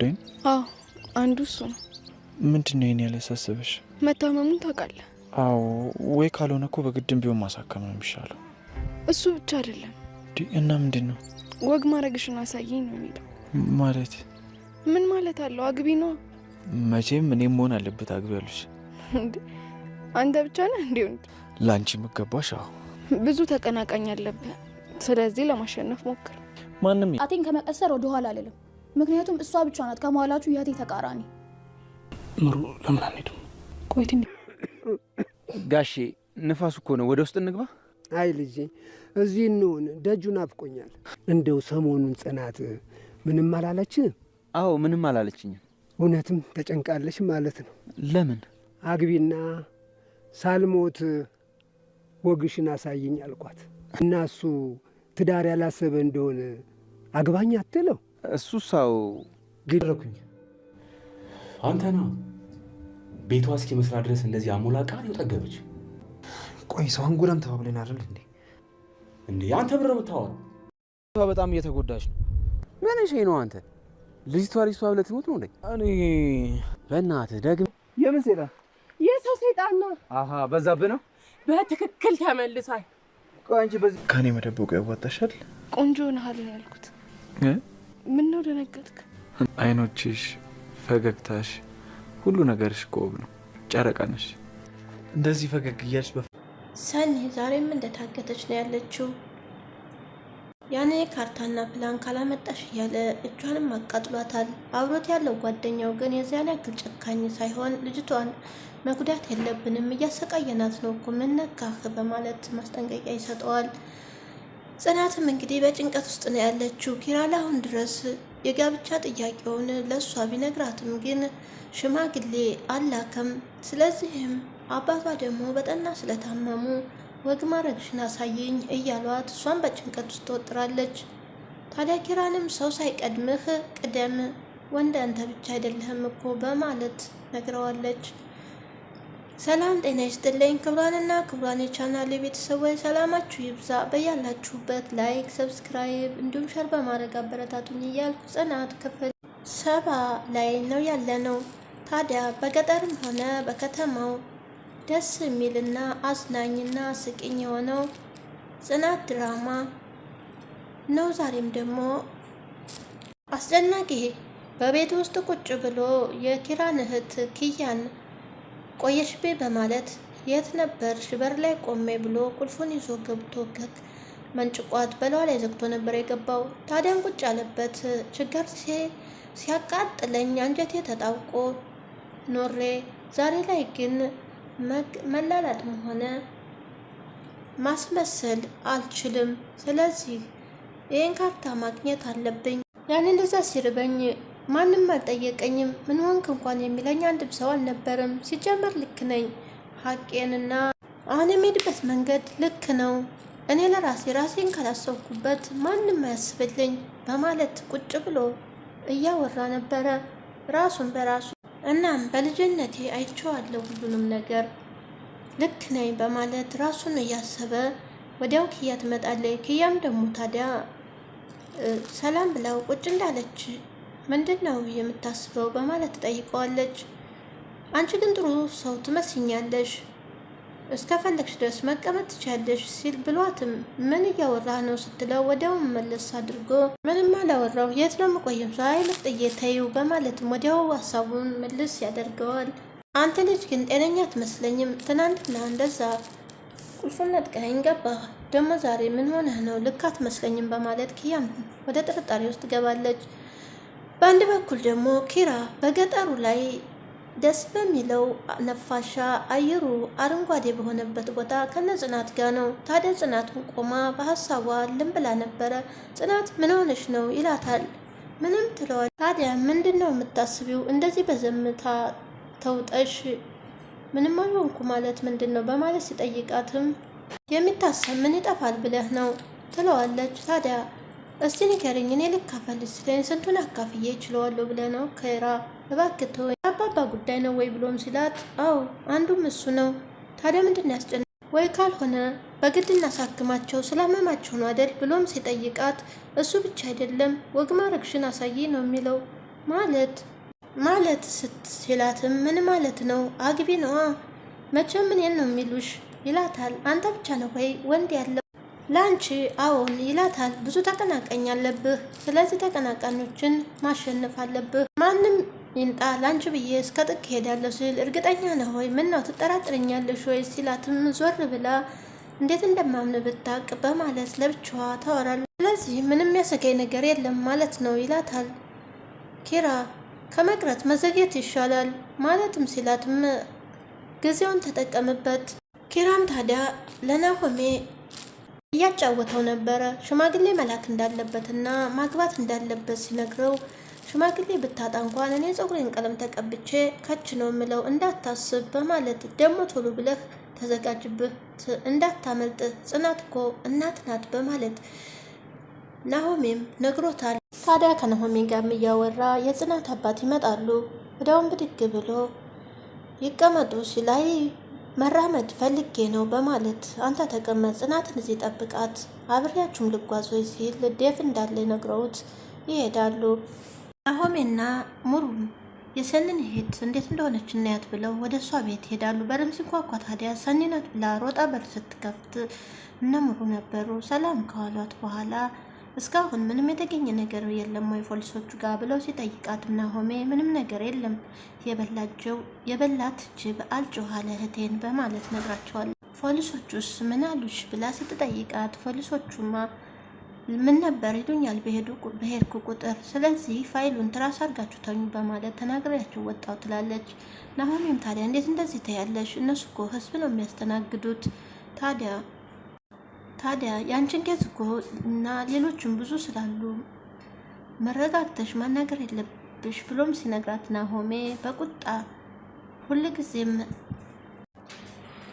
ደን? አዎ አንዱ እሱ ነው። ምንድን ነው ይህን ያላሳሰበሽ? መታመሙን ታውቃለህ? አዎ ወይ ካልሆነ እኮ በግድም ቢሆን ማሳከም ነው የሚሻለው። እሱ ብቻ አይደለም እና ምንድን ነው ወግ ማድረግሽን አሳየኝ ነው የሚለው። ማለት ምን ማለት አለው? አግቢ ነው መቼም እኔም መሆን አለበት አግቢ ያሉሽ። አንተ ብቻ ነህ እንዲሁ ወንድ? ለአንቺ የምገባሽ። አዎ ብዙ ተቀናቃኝ አለብህ፣ ስለዚህ ለማሸነፍ ሞክር። ማንም ጣቴን ከመቀሰር ወደኋላ አልልም። ምክንያቱም እሷ ብቻ ናት ከመዋላችሁ የእህቴ ተቃራኒ። ምሩ ለምን አንሄድም? ቆይት ጋሼ፣ ንፋሱ እኮ ነው። ወደ ውስጥ እንግባ። አይ ልጄ፣ እዚህ እንሆን። ደጁ ናፍቆኛል። እንደው ሰሞኑን ጽናት ምንም አላለች? አዎ ምንም አላለችኝም። እውነትም ተጨንቃለች ማለት ነው። ለምን አግቢና ሳልሞት ወግሽን አሳይኝ አልኳት እና እሱ ትዳር ያላሰበ እንደሆነ አግባኝ አትለው እሱ ሰው ግደረኩኝ። አንተና ቤቷ እስኪ መስራ ድረስ እንደዚህ አሞላ ቃል ጠገበች። ቆይ ሰው አንጎላም ተባብለን አይደል እንዴ? እንዴ አንተ ብር የምታወራው በጣም እየተጎዳች ነው። ምን እሺ ነው አንተ ልጅቷ ልጅቷ ብለህ ትሞት ነው እንዴ? እኔ በእናትህ ደግም የምን ሴጣን የሰው ሴጣን ነው። አሃ በዛብህ ነው በትክክል ተመልሷል። ቆይ አንቺ በዚህ ከኔ መደበቁ ያዋጣሻል። ቆንጆ ነሃል ነው ያልኩት። ምን ነው ደነገጥክ? አይኖችሽ፣ ፈገግታሽ፣ ሁሉ ነገርሽ ቆብ ነው። ጨረቃ ነሽ። እንደዚህ ፈገግ እያልሽ ሰኒ ዛሬም እንደታገተች ነው ያለችው። ያኔ ካርታና ፕላን ካላመጣሽ እያለ እጇንም አቃጥሏታል። አብሮት ያለው ጓደኛው ግን የዚያን ያክል ጨካኝ ሳይሆን ልጅቷን መጉዳት የለብንም እያሰቃየናት ነው እኮ ምን ነካህ በማለት ማስጠንቀቂያ ይሰጠዋል። ጽናትም እንግዲህ በጭንቀት ውስጥ ነው ያለችው። ኪራ ለአሁን ድረስ የጋብቻ ጥያቄውን ለእሷ ቢነግራትም ግን ሽማግሌ አላከም። ስለዚህም አባቷ ደግሞ በጠና ስለታመሙ ወግ ማረግሽን አሳየኝ እያሏት እሷን በጭንቀት ውስጥ ትወጥራለች። ታዲያ ኪራንም ሰው ሳይቀድምህ ቅደም፣ ወንድ አንተ ብቻ አይደለህም እኮ በማለት ነግረዋለች። ሰላም ጤና ይስጥልኝ። ክብሯንና ክብሯን የቻናል የቤተሰቦች ሰላማችሁ ይብዛ። በያላችሁበት ላይክ፣ ሰብስክራይብ እንዲሁም ሸር በማድረግ አበረታቱኝ እያልኩ ጽናት ክፍል ሰባ ላይ ነው ያለ ነው። ታዲያ በገጠርም ሆነ በከተማው ደስ የሚልና አዝናኝና ስቅኝ የሆነው ጽናት ድራማ ነው። ዛሬም ደግሞ አስደናቂ በቤት ውስጥ ቁጭ ብሎ የኪራን እህት ኪያን ቤ በማለት የት ነበርሽ በር ላይ ቆሜ ብሎ ቁልፉን ይዞ ገብቶ ከክ መንጭቋት በለዋ ላይ ዘግቶ ነበር የገባው። ታዲያን ቁጭ ያለበት ችግር ሲያቃጥለኝ አንጀቴ ተጣብቆ ኖሬ ዛሬ ላይ ግን መላላጥም ሆነ ማስመሰል አልችልም። ስለዚህ ይህን ካርታ ማግኘት አለብኝ። ያን እንደዛ ሲርበኝ ማንም አልጠየቀኝም። ምን ሆንክ እንኳን የሚለኝ አንድም ሰው አልነበረም። ሲጀመር ልክ ነኝ። ሀቄንና አሁን የሚሄድበት መንገድ ልክ ነው። እኔ ለራሴ ራሴን ካላሰብኩበት ማንም አያስብልኝ በማለት ቁጭ ብሎ እያወራ ነበረ ራሱን በራሱ። እናም በልጅነቴ አይቼዋለሁ ሁሉንም ነገር ልክ ነኝ በማለት ራሱን እያሰበ ወዲያው ክያ ትመጣለች። ክያም ደግሞ ታዲያ ሰላም ብለው ቁጭ እንዳለች ምንድን ነው የምታስበው በማለት ትጠይቀዋለች። አንቺ ግን ጥሩ ሰው ትመስኛለሽ እስከፈለግሽ ድረስ መቀመጥ ትችያለሽ ሲል ብሏትም ምን እያወራህ ነው ስትለው ወዲያውም መለስ አድርጎ ምንም አላወራው የት ነው የምቆየው ዛሬ ልጥዬ ተይው በማለትም ወዲያው ሀሳቡን መልስ ያደርገዋል። አንተ ልጅ ግን ጤነኛ አትመስለኝም። ትናንትና እንደዛ ቁልፉን ነጥቀኸኝ ገባህ፣ ደግሞ ዛሬ ምን ሆነህ ነው? ልክ አትመስለኝም በማለት ክያም ወደ ጥርጣሬ ውስጥ ትገባለች። በአንድ በኩል ደግሞ ኪራ በገጠሩ ላይ ደስ በሚለው ነፋሻ አየሩ አረንጓዴ በሆነበት ቦታ ከነ ጽናት ጋር ነው። ታዲያ ጽናቱን ቆማ በሀሳቧ ልም ብላ ነበረ። ጽናት ምን ሆነሽ ነው ይላታል። ምንም ትለዋል። ታዲያ ምንድን ነው የምታስቢው? እንደዚህ በዘምታ ተውጠሽ ምንም አልሆንኩ ማለት ምንድን ነው በማለት ሲጠይቃትም የሚታሰብ ምን ይጠፋል ብለህ ነው ትለዋለች። ታዲያ እስቲ ንገረኝ፣ እኔ ስለኝ ስንቱን አካፍዬ ችለዋለሁ ብለህ ነው? ከራ እባክህ ተወኝ። አባባ ጉዳይ ነው ወይ ብሎም ሲላት፣ አዎ አንዱም እሱ ነው። ታዲያ ምንድን ያስጨነ ወይ ካልሆነ በግድ እናሳክማቸው ስላመማቸው ነው አደል? ብሎም ሲጠይቃት፣ እሱ ብቻ አይደለም ወግ ማረግሽን አሳይ ነው የሚለው። ማለት ማለት ስትላትም፣ ምን ማለት ነው? አግቢ ነዋ መቼም እኔን ነው የሚሉሽ ይላታል። አንተ ብቻ ነው ወይ ወንድ ያለው ለአንቺ አዎን ይላታል። ብዙ ተቀናቃኝ አለብህ። ስለዚህ ተቀናቃኞችን ማሸነፍ አለብህ። ማንም ይንጣ ለአንቺ ብዬ እስከ ጥቅ ሄዳለሁ ሲል እርግጠኛ ነህ ወይ? ነው ትጠራጥርኛለሽ ወይ? ሲላትም ዞር ብላ እንዴት እንደማምን ብታቅ በማለት ለብቻዋ ታወራለች። ስለዚህ ምንም ያሰጋኝ ነገር የለም ማለት ነው ይላታል። ኪራ ከመቅረት መዘግየት ይሻላል ማለትም ሲላትም ጊዜውን ተጠቀምበት። ኪራም ታዲያ ለናሆሜ እያጫወተው ነበረ። ሽማግሌ መላክ እንዳለበትና ማግባት እንዳለበት ሲነግረው ሽማግሌ ብታጣ እንኳን እኔ ጸጉሬን ቀለም ተቀብቼ ከች ነው የምለው እንዳታስብ በማለት ደግሞ ቶሎ ብለህ ተዘጋጅበት እንዳታመልጥ ጽናት እኮ እናት ናት በማለት ናሆሜም ነግሮታል። ታዲያ ከናሆሜ ጋርም እያወራ የጽናት አባት ይመጣሉ። ወዲያውም ብድግ ብሎ ይቀመጡ ሲላይ መራመድ ፈልጌ ነው በማለት አንተ ተቀመጥ፣ ጽናትን እዚህ ጠብቃት፣ አብሬያችሁም ልጓዝ ወይ ሲል ዴቭ እንዳለ ነግረውት ይሄዳሉ። ናሆሜና ሙሩም የሰኒን ሄድ እንዴት እንደሆነች እናያት ብለው ወደ እሷ ቤት ይሄዳሉ። በርም ሲንኳኳ ታዲያ ሰኒ ናት ብላ ሮጣ በር ስትከፍት እነ ሙሩ ነበሩ። ሰላም ከዋሏት በኋላ እስካሁን ምንም የተገኘ ነገር የለም ወይ ፖሊሶቹ ጋር ብለው ሲጠይቃት ናሆሜ ምንም ነገር የለም የበላት ጅብ አልጮኋለ እህቴን በማለት ነግራቸዋል። ፖሊሶቹስ ምን አሉሽ ብላ ስትጠይቃት ፖሊሶቹማ ምን ነበር ይሉኛል በሄድኩ ቁጥር፣ ስለዚህ ፋይሉን ትራስ አድርጋችሁ ተኙ በማለት ተናግሪያቸው ወጣው ትላለች። ናሆሜም ታዲያ እንዴት እንደዚህ ተያለሽ? እነሱ እኮ ህዝብ ነው የሚያስተናግዱት ታዲያ ታዲያ የአንችን ኬዝ እኮ እና ሌሎችም ብዙ ስላሉ መረጋግተሽ ማናገር የለብሽ ብሎም ሲነግራት ናሆሜ በቁጣ ጊዜም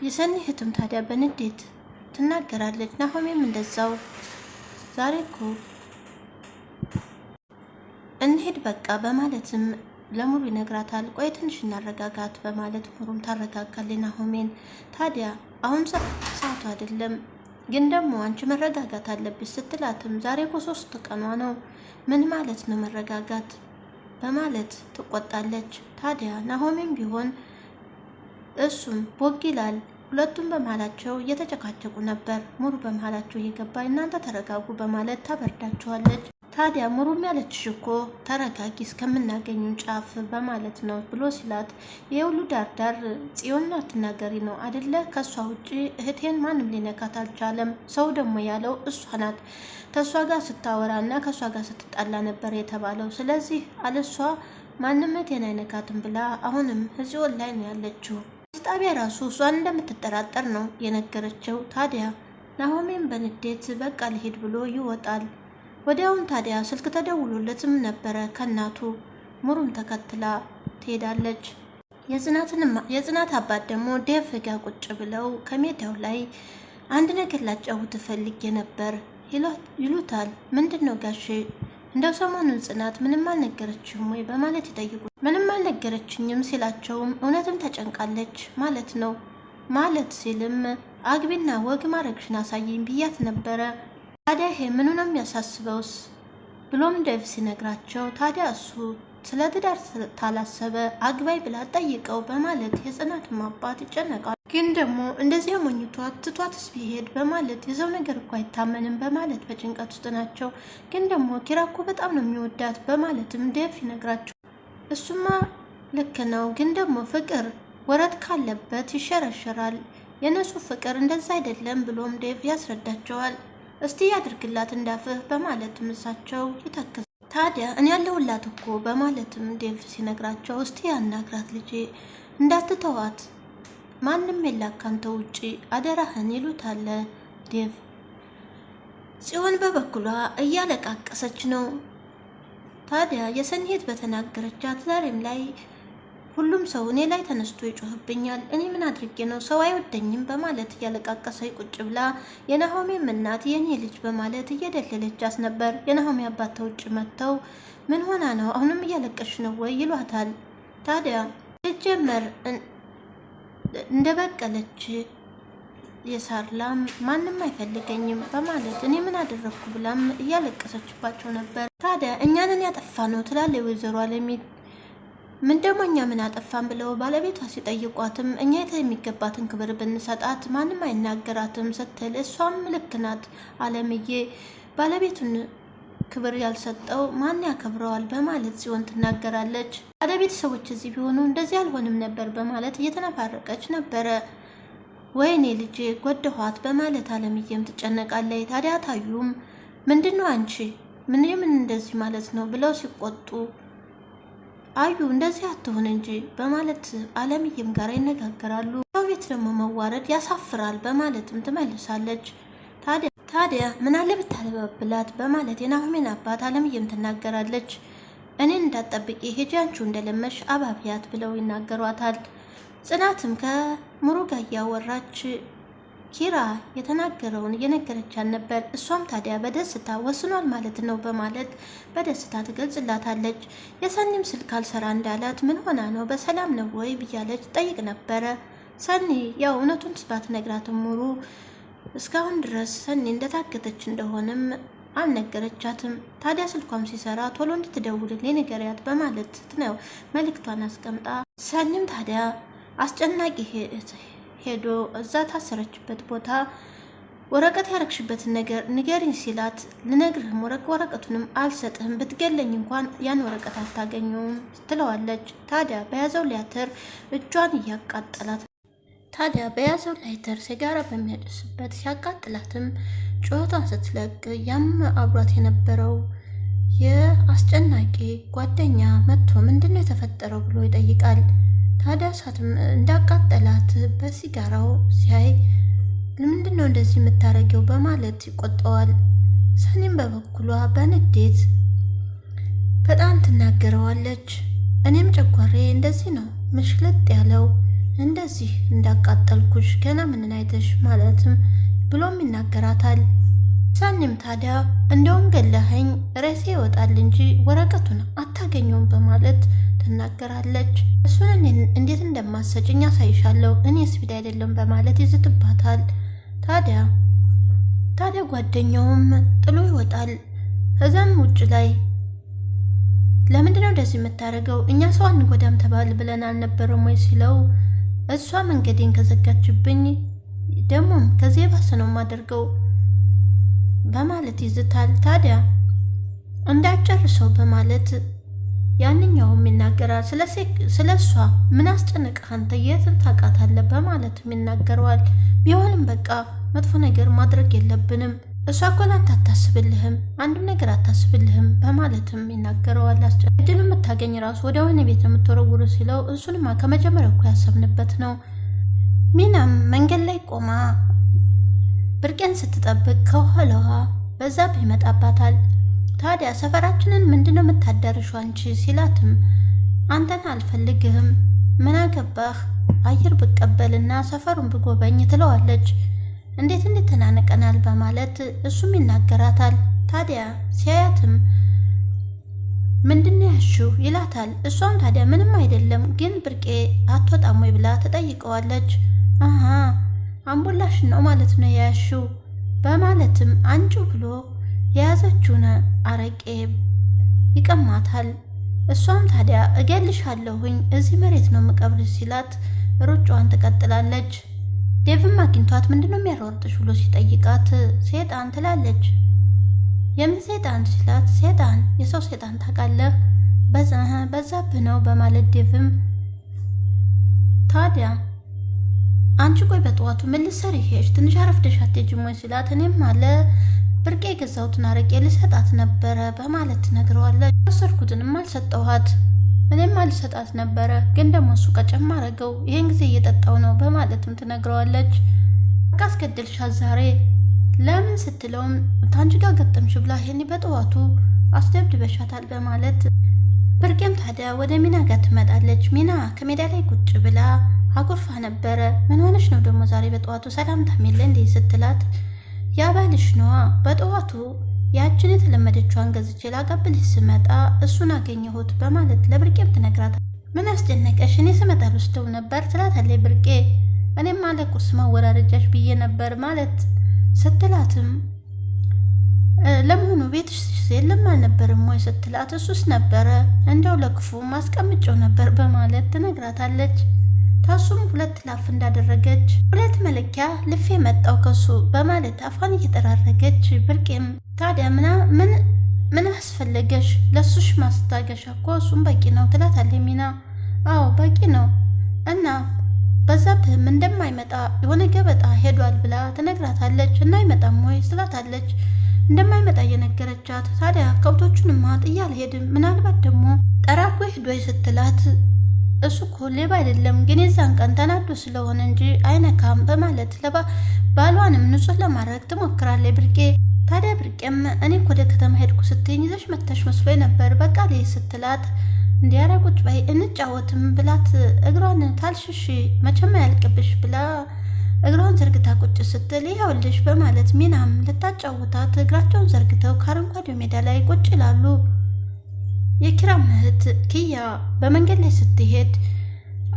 የሰኒ ህትም ታዲያ በንዴት ትናገራለች። ናሆሜም እንደዛው ዛሬ እኮ እንሄድ በቃ በማለትም ለሙሉ ይነግራታል። ቆይ ትንሽ እናረጋጋት በማለት ሙሩም ታረጋጋለች ናሆሜን። ታዲያ አሁን ሰዓቱ አይደለም ግን ደግሞ አንቺ መረጋጋት አለብሽ ስትላትም ዛሬ እኮ ሶስት ቀኗ ነው፣ ምን ማለት ነው መረጋጋት በማለት ትቆጣለች። ታዲያ ናሆሚም ቢሆን እሱም ቦግ ይላል። ሁለቱም በመሀላቸው እየተጨቃጨቁ ነበር። ሙሉ በመሀላቸው እየገባ እናንተ ተረጋጉ በማለት ታበርዳቸዋለች። ታዲያ ምሩም ያለችሽ እኮ ተረጋጊ እስከምናገኙ ጫፍ በማለት ነው ብሎ ሲላት የሁሉ ዳርዳር ጽዮን አትናገሪ ነው አደለ? ከእሷ ውጭ እህቴን ማንም ሊነካት አልቻለም። ሰው ደግሞ ያለው እሷ ናት። ከእሷ ጋር ስታወራ እና ከእሷ ጋር ስትጣላ ነበር የተባለው። ስለዚህ አለሷ ማንም እህቴን አይነካትም ብላ አሁንም ጽዮን ላይ ነው ያለችው። ጣቢያ ራሱ እሷን እንደምትጠራጠር ነው የነገረችው። ታዲያ ናሆሜን በንዴት በቃ ልሄድ ብሎ ይወጣል። ወዲያውን ታዲያ ስልክ ተደውሎለትም ነበረ ከእናቱ ሙሩም ተከትላ ትሄዳለች። የጽናት አባት ደግሞ ዴቭ ጋ ቁጭ ብለው ከሜዳው ላይ አንድ ነገር ላጫውት ፈልጌ ነበር ይሉታል። ምንድን ነው ጋሼ? እንደው ሰሞኑን ጽናት ምንም አልነገረችም ወይ በማለት ይጠይቁ። ምንም አልነገረችኝም ሲላቸውም እውነትም ተጨንቃለች ማለት ነው ማለት ሲልም አግቢና ወግ ማድረግሽን አሳየኝ ብያት ነበረ ታዲያ ይሄ ምኑ ነው የሚያሳስበውስ? ብሎም ደቭ ሲነግራቸው ታዲያ እሱ ስለ ትዳር ታላሰበ አግባይ ብላ ጠይቀው በማለት የጽናትም አባት ይጨነቃል። ግን ደግሞ እንደዚያ ሞኝቷት ትቷትስ ቢሄድ በማለት የዘው ነገር እኮ አይታመንም በማለት በጭንቀት ውስጥ ናቸው። ግን ደግሞ ኪራ እኮ በጣም ነው የሚወዳት በማለትም ደቭ ይነግራቸው እሱማ ልክ ነው፣ ግን ደግሞ ፍቅር ወረት ካለበት ይሸረሸራል። የነሱ ፍቅር እንደዛ አይደለም ብሎም ደፍ ያስረዳቸዋል። እስቲ ያድርግላት እንዳፍህ በማለት ምሳቸው ይተክዛል። ታዲያ እኔ ያለሁላት እኮ በማለትም ዴቭ ሲነግራቸው እስቲ ያናግራት ልጄ እንዳትተዋት ማንም የላት ካንተ ውጪ አደራህን ይሉታል ዴቭ። ጽዮን በበኩሏ እያለቃቀሰች ነው። ታዲያ የሰኒሄት በተናገረቻት ዛሬም ላይ ሁሉም ሰው እኔ ላይ ተነስቶ ይጮህብኛል። እኔ ምን አድርጌ ነው ሰው አይወደኝም? በማለት እያለቃቀሰ ቁጭ ብላ የናሆሜም እናት የኔ ልጅ በማለት እየደለለቻት ነበር። የናሆሜ አባት ተውጭ መጥተው ምን ሆና ነው አሁንም እያለቀሽ ነው ወይ ይሏታል። ታዲያ ልጀመር እንደ በቀለች የሳር ላም ማንም አይፈልገኝም በማለት እኔ ምን አደረግኩ ብላም እያለቀሰችባቸው ነበር። ታዲያ እኛንን ያጠፋ ነው ትላለች ወይዘሮ አለሚት ምን ደግሞ እኛ ምን አጠፋን ብለው ባለቤቷ ሲጠይቋትም እኛ የተ የሚገባትን ክብር ብንሰጣት ማንም አይናገራትም ስትል እሷም ልክ ናት አለምዬ ባለቤቱን ክብር ያልሰጠው ማን ያከብረዋል በማለት ጽዮን ትናገራለች። አደ ቤተሰቦች እዚህ ቢሆኑ እንደዚህ አልሆንም ነበር በማለት እየተነፋረቀች ነበረ። ወይኔ ልጄ ጎደኋት በማለት አለምዬም ትጨነቃለች። ታዲያ ታዩም ምንድነው አንቺ ምን የምን እንደዚህ ማለት ነው ብለው ሲቆጡ አዩ እንደዚህ አትሆን እንጂ በማለት አለምዬም ጋር ይነጋገራሉ። ሰው ቤት ደግሞ መዋረድ ያሳፍራል በማለትም ትመልሳለች። ታዲያ ምን አለ ብታለባብላት በማለት የናሆሜን አባት አለምዬም ትናገራለች። እኔን እንዳትጠብቂ ሄጂ እንደለመሽ አባብያት ብለው ይናገሯታል። ጽናትም ከሙሩ ጋር እያወራች ኪራ የተናገረውን እየነገረቻት ነበር። እሷም ታዲያ በደስታ ወስኗል ማለት ነው በማለት በደስታ ትገልጽላታለች። የሰኒም ስልክ አልሰራ እንዳላት ምን ሆና ነው በሰላም ነው ወይ ብያለች ጠይቅ ነበረ። ሰኒ ያው እውነቱን ስባት ነግራት ሙሩ እስካሁን ድረስ ሰኒ እንደታገተች እንደሆነም አልነገረቻትም። ታዲያ ስልኳም ሲሰራ ቶሎ እንድትደውልልኝ ንገሪያት በማለት ነው መልእክቷን አስቀምጣ ሰኒም ታዲያ አስጨናቂ ሄዶ እዛ ታሰረችበት ቦታ ወረቀት ያረግሽበትን ነገር ንገሪኝ ሲላት ልነግርህም ወረቅ ወረቀቱንም አልሰጥህም ብትገለኝ እንኳን ያን ወረቀት አታገኙም ትለዋለች። ታዲያ በያዘው ሊያትር እጇን እያቃጠላት ታዲያ በያዘው ላይተር ሲጋራ በሚያጨስበት ሲያቃጥላትም ጩኸቷን ስትለቅ ያም አብሯት የነበረው የአስጨናቂ ጓደኛ መጥቶ ምንድን ነው የተፈጠረው ብሎ ይጠይቃል። ታዲያ እሳት እንዳቃጠላት በሲጋራው ሲያይ ለምንድነው ነው እንደዚህ የምታደርገው በማለት ይቆጠዋል። ሰኒም በበኩሏ በንዴት በጣም ትናገረዋለች። እኔም ጨጓሬ እንደዚህ ነው ምሽልጥ ያለው እንደዚህ እንዳቃጠልኩሽ ገና ምንን አይተሽ ማለትም ብሎም ይናገራታል። ሰኒም ታዲያ እንደውም ገለኸኝ ሬሴ ይወጣል እንጂ ወረቀቱን አታገኘውም በማለት ትናገራለች። እሱን እንዴት እንደማሰጭኝ አሳይሻለሁ እኔ ስፒድ አይደለም በማለት ይዝትባታል። ታዲያ ታዲያ ጓደኛውም ጥሎ ይወጣል። እዛም ውጭ ላይ ለምንድነው እንደዚህ የምታደርገው? እኛ ሰው አንጎዳም ተባል ብለን አልነበረም ወይ ሲለው እሷ መንገዴን ከዘጋችብኝ ደግሞም ከዚህ የባሰ ነው የማደርገው በማለት ይዝታል። ታዲያ እንዳጨርሰው በማለት ያንኛውም ይናገራል። ስለ እሷ ምን አስጨነቀህ አንተ የትን ታውቃታለህ? በማለትም ይናገረዋል። ቢሆንም በቃ መጥፎ ነገር ማድረግ የለብንም እሷ እኮ አታስብልህም፣ አንድም ነገር አታስብልህም በማለትም ይናገረዋል። አስጨ እድሉ የምታገኝ ራሱ ወደ ወህኒ ቤት የምትወረውሩ ሲለው እሱንማ ከመጀመሪያ እኮ ያሰብንበት ነው። ሚናም መንገድ ላይ ቆማ ብርቅን ስትጠብቅ ከኋላዋ በዛብህ ይመጣባታል። ታዲያ ሰፈራችንን ምንድነው የምታዳርሹ አንቺ ሲላትም አንተን አልፈልግህም ምን አገባህ አየር ብቀበልና ሰፈሩን ብጎበኝ ትለዋለች። እንዴት እንዴት ተናነቀናል በማለት እሱም ይናገራታል። ታዲያ ሲያያትም ምንድን ያሽው ይላታል። እሷም ታዲያ ምንም አይደለም ግን ብርቄ አትወጣም ወይ ብላ ተጠይቀዋለች። አሀ አምቡላሽ ነው ማለት ነው ያሽው በማለትም አንቺው ብሎ የያዘችውን አረቄ ይቀማታል። እሷም ታዲያ እገልሻለሁኝ እዚህ መሬት ነው የምቀብርሽ ሲላት ሩጫዋን ትቀጥላለች። ዴቭም አግኝቷት ምንድነው የሚያሯርጥሽ ብሎ ሲጠይቃት ሴጣን ትላለች። የምን ሴጣን ሲላት ሴጣን የሰው ሴጣን ታውቃለህ በዛብህ ነው በማለት ዴቭም ታዲያ አንቺ ቆይ በጠዋቱ ምን ልትሰሪ ሄድሽ? ትንሽ አረፍደሽ አትሄጂም ወይ ሲላት እኔም አለ ብርቄ የገዛሁትን አረቄ ልሰጣት ነበረ በማለት ትነግረዋለች። ወሰድኩትንም አልሰጠኋት እኔም አልሰጣት ነበረ፣ ግን ደግሞ እሱ ቀጨም አረገው ይህን ጊዜ እየጠጣው ነው በማለትም ትነግረዋለች። በቃ አስገድልሻት ዛሬ ለምን ስትለውም ታንቺ ጋር ገጠምሽ ብላ ይሄኔ በጠዋቱ አስደብድበሻታል በማለት ብርቄም ታዲያ ወደ ሚና ጋር ትመጣለች። ሚና ከሜዳ ላይ ቁጭ ብላ አጉርፋ ነበረ። ምን ሆነች ነው ደግሞ ዛሬ በጠዋቱ ሰላምታ የሚለ እንዴ ስትላት ያባልሽ ነዋ። በጠዋቱ ያችን የተለመደችዋን ገዝቼ ላቀብልሽ ስመጣ እሱን አገኘሁት በማለት ለብርቄም ትነግራታለች። ምን አስጨነቀሽ? እኔ ስመጣ ልወስደው ነበር ትላታለች ብርቄ። እኔም አለቁስ ማወራረጃሽ ብዬ ነበር ማለት ስትላትም ለመሆኑ ቤትሽ የለም አልነበርም ወይ ስትላት እሱስ ነበረ፣ እንዲያው ለክፉ ማስቀምጨው ነበር በማለት ትነግራታለች። ታሱም ሁለት ላፍ እንዳደረገች ሁለት መለኪያ ልፌ መጣው ከሱ በማለት አፏን እየጠራረገች ብርቄም ታዲያ ምና ምን ምን አስፈለገሽ ለሱሽ ማስታገሻ እኮ እሱም በቂ ነው ትላታለች ሚና አዎ በቂ ነው እና በዛብህም እንደማይመጣ የሆነ ገበጣ ሄዷል ብላ ትነግራታለች እና አይመጣም ወይ ትላታለች እንደማይመጣ እየነገረቻት ታዲያ ከብቶቹንማ ጥዬ አልሄድም ምናልባት ደግሞ ጠራጎ ሄዶ ስትላት እሱ እኮ ሌባ አይደለም፣ ግን የዛን ቀን ተናዶ ስለሆነ እንጂ አይነካም በማለት ባሏንም ንጹህ ለማድረግ ትሞክራለች ብርቄ። ታዲያ ብርቄም እኔ እኮ ወደ ከተማ ሄድኩ ስትኝ ይዘሽ መተሽ መስሎኝ ነበር፣ በቃ ላይ ስትላት እንዲያረ ቁጭ በይ እንጫወትም ብላት እግሯን ታልሽሽ መቼም አያልቅብሽ ብላ እግሯን ዘርግታ ቁጭ ስትል ይኸውልሽ በማለት ሚናም ልታጫወታት እግራቸውን ዘርግተው ከአረንጓዴው ሜዳ ላይ ቁጭ ይላሉ። የኪራም እህት ኪያ በመንገድ ላይ ስትሄድ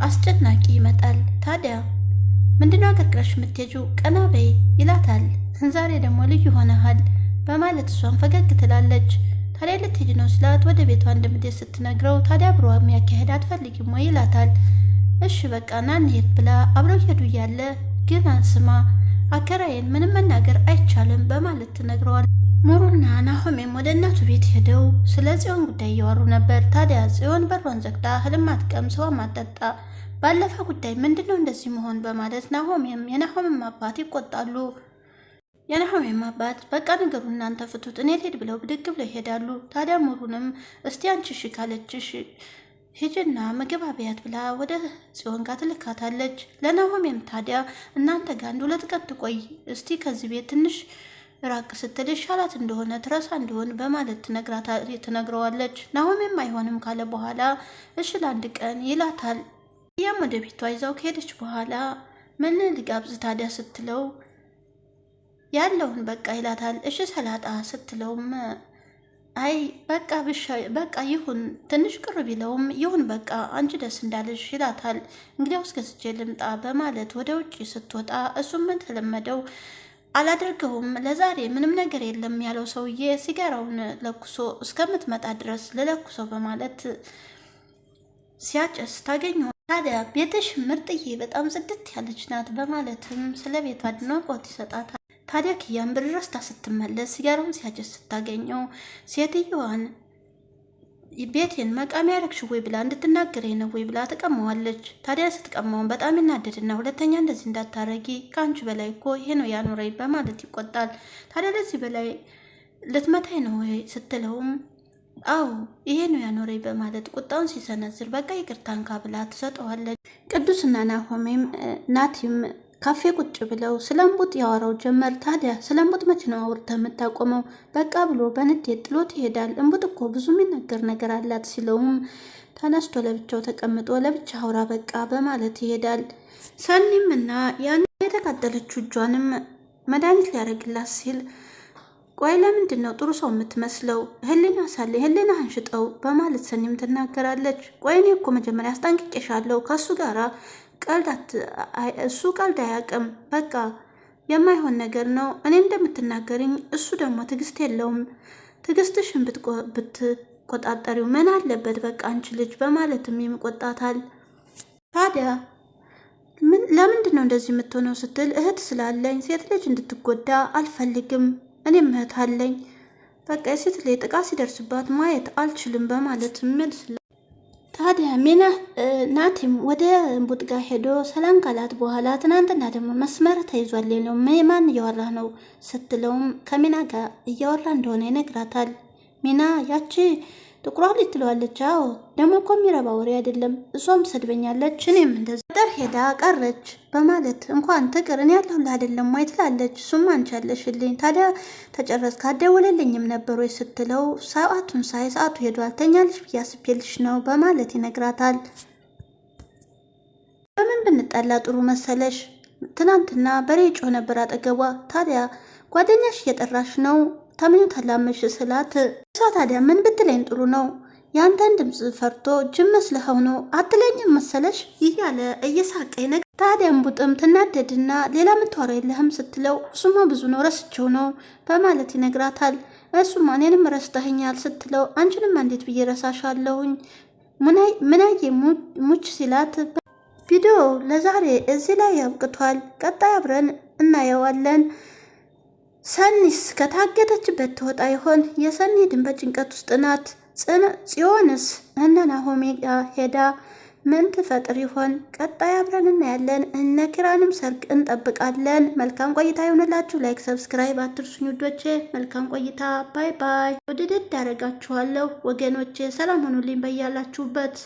አስጨናቂ ይመጣል። ታዲያ ምንድነው አቀርቅረሽ የምትሄጂው? ቀና በይ ይላታል። ዛሬ ደግሞ ልዩ ሆነሃል በማለት እሷን ፈገግ ትላለች። ታዲያ ልትሄጂ ነው ስላት ወደ ቤቷ እንደምትሄድ ስትነግረው ታዲያ አብሮ የሚያካሄድ አትፈልጊም ወይ ይላታል። እሺ በቃ ና እንሄድ ብላ አብረው ሄዱ እያለ ግን አንስማ አከራዬን ምንም መናገር አይቻልም በማለት ትነግረዋል። ሙሩና ናሆሜም ወደ እናቱ ቤት ሄደው ስለ ጽዮን ጉዳይ እያወሩ ነበር። ታዲያ ጽዮን በሯን ዘግታ ህልም አትቀም ሰው ማጠጣ ባለፈ ጉዳይ ምንድን ነው እንደዚህ መሆን በማለት ናሆሜም የናሆምም አባት ይቆጣሉ። የናሆሜም አባት በቃ ነገሩ እናንተ ፍቱት፣ እኔ ልሄድ ብለው ብድግ ብለው ይሄዳሉ። ታዲያ ሙሩንም እስቲ አንችሽ ካለችሽ ሂጅና ምግብ አብያት ብላ ወደ ጽዮን ጋር ትልካታለች። ለናሆሜም ታዲያ እናንተ ጋር አንድ ሁለት ቀን ትቆይ እስቲ ከዚህ ቤት ትንሽ ራቅ ስትል ይሻላት እንደሆነ ትረሳ እንደሆን በማለት ትነግረዋለች። ናሆሜም አይሆንም ካለ በኋላ እሺ ለአንድ ቀን ይላታል። ያም ወደ ቤቷ ይዛው ከሄደች በኋላ ምን ልጋብዝ ታዲያ ስትለው ያለውን በቃ ይላታል። እሺ ሰላጣ ስትለውም አይ በቃ ብሻ በቃ ይሁን ትንሽ ቅር ቢለውም ይሁን በቃ አንቺ ደስ እንዳለሽ ይላታል። እንግዲያውስ ገዝቼ ልምጣ በማለት ወደ ውጭ ስትወጣ እሱም ተለመደው አላደርገውም ለዛሬ ምንም ነገር የለም ያለው ሰውዬ ሲጋራውን ለኩሶ እስከምትመጣ ድረስ ልለኩሰው በማለት ሲያጨስ ታገኘው። ታዲያ ቤትሽ ምርጥዬ በጣም ጽድት ያለች ናት በማለትም ስለ ቤቷ አድናቆት ይሰጣታል። ታዲያ ክያም ብር ረስታ ስትመለስ ሲጋራውን ሲያጨስ ስታገኘው ሴትየዋን ቤቴን መቃሚ ያረግሽ ወይ ብላ እንድትናገረኝ ነው ወይ ብላ ትቀማዋለች። ታዲያ ስትቀማውን በጣም ይናደድና ሁለተኛ እንደዚህ እንዳታረጊ ከአንቺ በላይ እኮ ይሄ ነው ያኖረኝ በማለት ይቆጣል። ታዲያ ለዚህ በላይ ልትመታኝ ነው ወይ ስትለውም አዎ ይሄ ነው ያኖረኝ በማለት ቁጣውን ሲሰነዝር በቃ ይቅርታን ብላ ትሰጠዋለች። ቅዱስና ናሆሜም ናቲም ካፌ ቁጭ ብለው ስለ እምቡጥ ያወራው ጀመር። ታዲያ ስለምቡጥ እምቡጥ መቼ ነው የምታቆመው? በቃ ብሎ በንዴት ጥሎት ይሄዳል። እምቡጥ እኮ ብዙ የሚነገር ነገር አላት ሲለውም ተነስቶ ለብቻው ተቀምጦ ለብቻ አውራ በቃ በማለት ይሄዳል። ሰኒም እና ያን የተቃጠለችው እጇንም መድኃኒት ሊያደርግላት ሲል ቆይ ለምንድን ነው ጥሩ ሰው የምትመስለው? ህሊና ሳለ ህሊና አንሽጠው በማለት ሰኒም ትናገራለች። ቆይ እኔ እኮ መጀመሪያ አስጠንቅቄሻለሁ ከእሱ ጋራ ቀልድ እሱ ቀልድ አያውቅም። በቃ የማይሆን ነገር ነው። እኔ እንደምትናገርኝ እሱ ደግሞ ትዕግስት የለውም። ትዕግስትሽን ብትቆጣጠሪው ምን አለበት? በቃ አንቺ ልጅ በማለትም ይቆጣታል። ታዲያ ለምንድን ነው እንደዚህ የምትሆነው ስትል እህት ስላለኝ ሴት ልጅ እንድትጎዳ አልፈልግም። እኔም እህት አለኝ። በቃ የሴት ላይ ጥቃት ሲደርስባት ማየት አልችልም በማለት መልስ ታዲያ ሜና ናቲም ወደ እምቡጥ ጋር ሄዶ ሰላም ካላት በኋላ ትናንትና ደግሞ መስመር ተይዟል ሌለው ማን እያወራ ነው ስትለውም ከሚና ጋር እያወራ እንደሆነ ይነግራታል። ሜና ያቺ ጥቁሯ ትለዋለች። አዎ ደግሞ እኮ የሚረባ ወሬ አይደለም። እሷም ትሰድበኛለች፣ እኔም እንደዚያ ጠር ሄዳ ቀረች በማለት እንኳን ትቅር እኔ አይደለም ወይ ትላለች። እሱም አንቺ ያለሽልኝ ታዲያ ተጨረስ ካደወለልኝም ነበር ወይ ስትለው ሰዓቱን ሳይ ሰዓቱ ሄዷል፣ ተኛልሽ ብዬ አስቤልሽ ነው በማለት ይነግራታል። በምን ብንጣላ ጥሩ መሰለሽ? ትናንትና በሬ ጮህ ነበር አጠገቧ። ታዲያ ጓደኛሽ እየጠራሽ ነው ታምኞታላመሽ ስላት እሷ ታዲያ ምን ብትለኝ ጥሩ ነው የአንተን ድምፅ ፈርቶ ጅብ መስለኸው ነው አትለኝም መሰለሽ እያለ እየሳቀ ነገር ታዲያም ቡጥም ትናደድና ሌላ ምታወራ የለህም ስትለው እሱማ ብዙ ነው ረስቸው ነው በማለት ይነግራታል። እሱማ እኔንም ረስተኸኛል ስትለው አንቺንም እንዴት ብዬ ረሳሻለሁኝ ምናየ ሙች ሲላት፣ ቪዲዮ ለዛሬ እዚህ ላይ ያብቅቷል። ቀጣይ አብረን እናየዋለን። ሰኒስ ከታገተችበት ትወጣ ይሆን? የሰኒ ድን በጭንቀት ውስጥ ናት። ጽዮንስ እነ ናሆሜ ጋ ሄዳ ምን ትፈጥር ይሆን? ቀጣይ አብረን እናያለን። እነ ኪራንም ሰርግ እንጠብቃለን። መልካም ቆይታ ይሆንላችሁ። ላይክ፣ ሰብስክራይብ አትርሱኝ ውዶቼ። መልካም ቆይታ። ባይ ባይ። ውድድድ ያደረጋችኋለሁ ወገኖቼ። ሰላም ሆኑልኝ በያላችሁበት